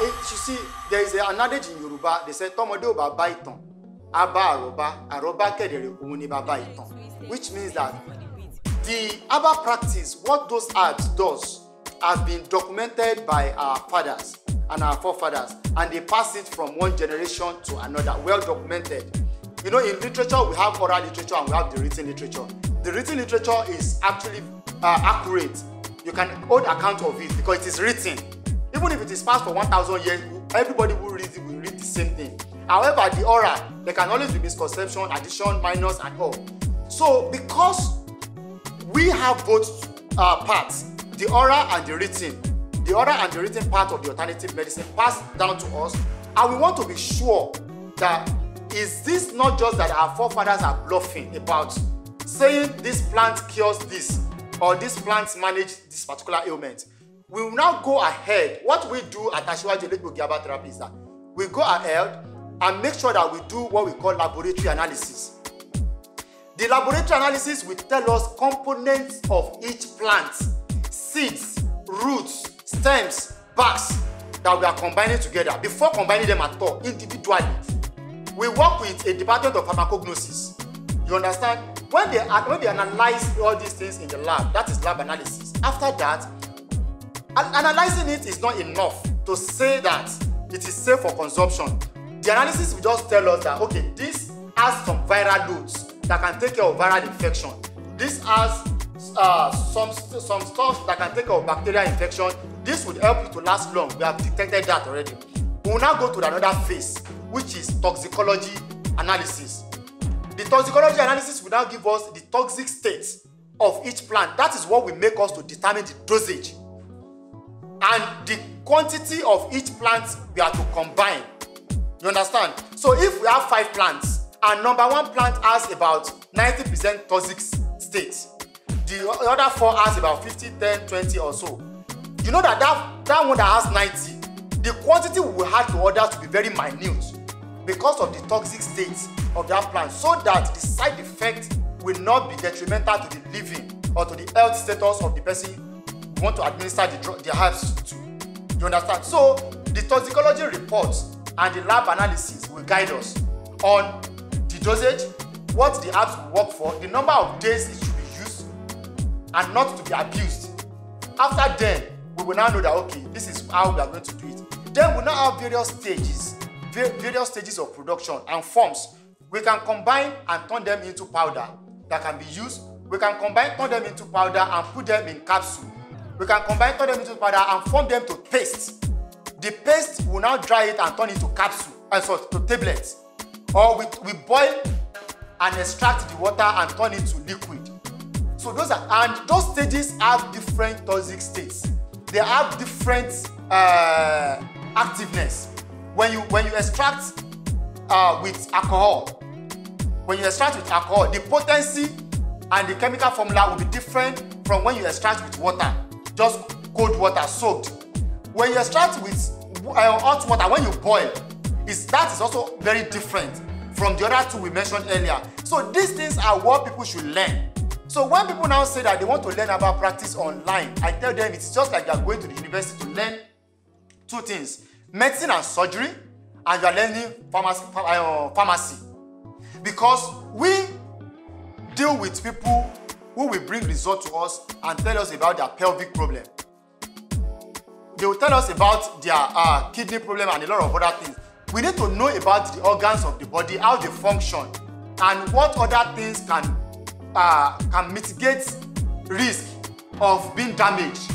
it, eh, you see, there is an adage in Yoruba, they say, Tomode ò ba bá aba á bá àrọ́bá, àrọ́bá kẹ̀dẹ̀rẹ̀ òun ni which means that the Aba practice, what those arts does, has been documented by our fathers and our forefathers, and they pass it from one generation to another, well documented. You know, in literature, we have oral literature and we have the written literature. The written literature is actually uh, accurate. You can hold account of it because it is written even if it is passed for 1,000 years everybody who reads it will read the same thing however the aura there can always be misconception addition minus and all so because we have both uh, parts the aura and the written the aura and the written part of the alternative medicine passed down to us and we want to be sure that is this not just that our forefathers are bluffing about saying this plant cures this or this plant manages this particular ailment we will now go ahead what we do at Asiwaju Elegbogi Herbal Therapy is that we go ahead and make sure that we do what we call laboratory analysis the laboratory analysis will tell us components of each plant seeds roots stems backs that we are combining together before combining them at all individually we work with a department of pharmacognosis you understand when they when they analyze all these things in the lab that is lab analysis after that And analyzing it is not enough to say that it is safe for consumption. The analysis will just tell us that, okay, this has some viral loads that can take care of viral infection. This has uh, some, some stuff that can take care of bacterial infection. This would help you to last long. We have detected that already. We will now go to another phase, which is toxicology analysis. The toxicology analysis will now give us the toxic state of each plant. That is what will make us to determine the dosage and the quantity of each plant we are to combine you understand so if we have five plants and number one plant has about ninety percent toxic state the other four has about fifty ten twenty or so you know that that, that one that has ninety the quantity we will have to order to be very minute because of the toxic state of that plant so that the side effect will not be detrimental to the living or to the health status of the person you want to administer the, drug, the herbs to. You understand? So the toxicology reports and the lab analysis will guide us on the dosage, what the herbs will work for, the number of days it should be used, and not to be abused. After then, we will now know that okay, this is how we are going to do it. Then we now have various stages, various stages of production and forms. We can combine and turn them into powder that can be used. We can combine, turn them into powder and put them in capsule we can combine all them into powder and form them to paste. The paste will now dry it and turn it to capsule and uh, so to tablets. Or we, we boil and extract the water and turn it to liquid. So those are, and those stages have different toxic states. They have different uh, activeness. When you, when you extract uh, with alcohol, when you extract with alcohol, the potency and the chemical formula will be different from when you extract with water just cold water soaked when you start with uh, hot water when you boil is that is also very different from the other two we mentioned earlier so these things are what people should learn so when people now say that they want to learn about practice online i tell them it's just like you are going to the university to learn two things medicine and surgery and you are learning pharmacy uh, pharmacy because we deal with people who will bring results to us and tell us about their pelvic problem. They will tell us about their uh, kidney problem and a lot of other things. We need to know about the organs of the body, how they function, and what other things can, uh, can mitigate risk of being damaged.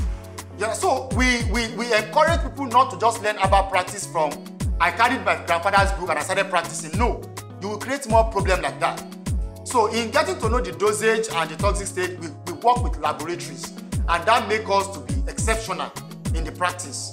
Yeah, so we, we, we encourage people not to just learn about practice from I carried my grandfather's book and I started practicing. No, you will create more problems like that. So in getting to know the dosage and the toxic state, we, we work with laboratories and that makes us to be exceptional in the practice.